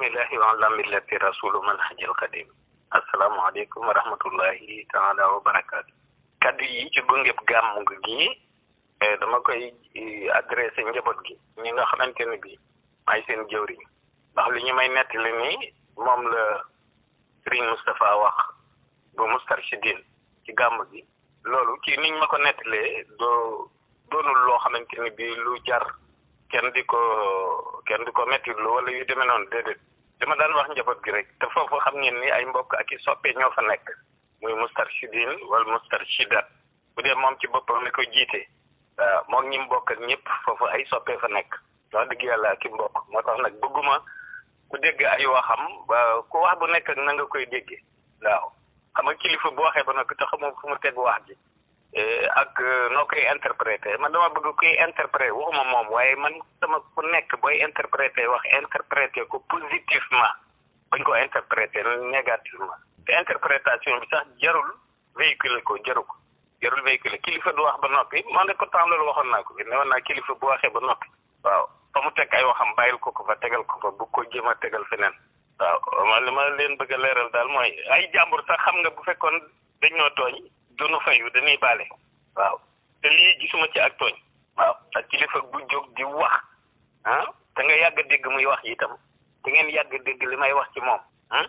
bismillahi wa ala millati rasulu manhajil qadim asalaamaaleykum wa rahmatullahi taala wa yi ci gungeb gàmm gi eh, dama koy eh, adressé njaboot gi ñi nga xamante ne bi may seen jëwriñ ndax li ñu may nettali nii moom la Sëriñ Moustapha wax bu Moustarchidine ci gàmm gi loolu ci niñ ma ko nettalee doo doonul loo xamante ni bi lu jar kenn di ko kenn di ko metti lu wala yu demee noonu déedéet dama daan wax njaboot gi rek te foofu xam ngeen ni ay mbokk ak i soppe ñoo fa nekk muy mustarshidin wala mustarshidat bu dee moom ci boppam mi ko jiite waaw moom ñi mbokk ak ñëpp foofu ay soppe fa nekk wax dëgg yàlla ak i moo tax nag bëgguma ku dégg ay waxam ba ku wax bu nekk ak na nga koy déggee waaw xam nga kilifa bu waxe ba nag te xamoo fu mu teg wax ji Eh, ak eh, noo koy interpréter man dama bëgg kuy interpréter waxuma moom waaye man sama ku nekk booy interpréter wax interpréter ko positivement bañ ko interpréter négativement te interprétation bi sax jarul véhiculer ko jaru ko jarul véhiculer kilifa du wax ba noppi man ne ko temps loolu waxoon naa ko fi ne woon naa kilifa bu waxee ba noppi waaw fa mu teg ay waxam bàyyil ko ko fa tegal ko fa bu ko jéem a tegal feneen waaw man li ma leen bëgg a leeral daal mooy ay jàmbur sax xam nga bu fekkoon duñu fayu dañuy balé waaw té li gisuma ci ak togn waaw ak ci kilifa bu jog di wax han da nga yag deg muy wax itam te ngeen yag deg limay wax ci mom han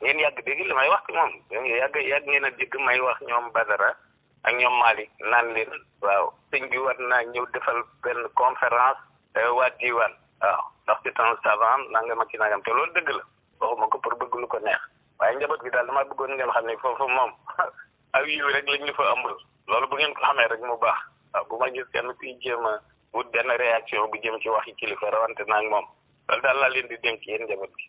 ngeen yag deg limay wax ci mom yag yag ngeen deg may wax ñom badara ak ñom malik nan leen waaw señ bi war na ñew defal ben conférence eh, wa diwan waaw ah, ndax ci tan savant nangam ak nangam té lool deug la waxuma ko pour bëgg lu ko neex waye njabot gi dal dama bëggoon ngeen xamne fofu mom ak yiw rek lañ ñu fa ëmbal loolu bu ngeen ko xamee rek mu baax waaw bu ma gis kenn kuy jéem a wut benn réaction bu jëm ci waxi kilifa rawante naag moom loolu daal laa leen di dénk yéen njaboot gi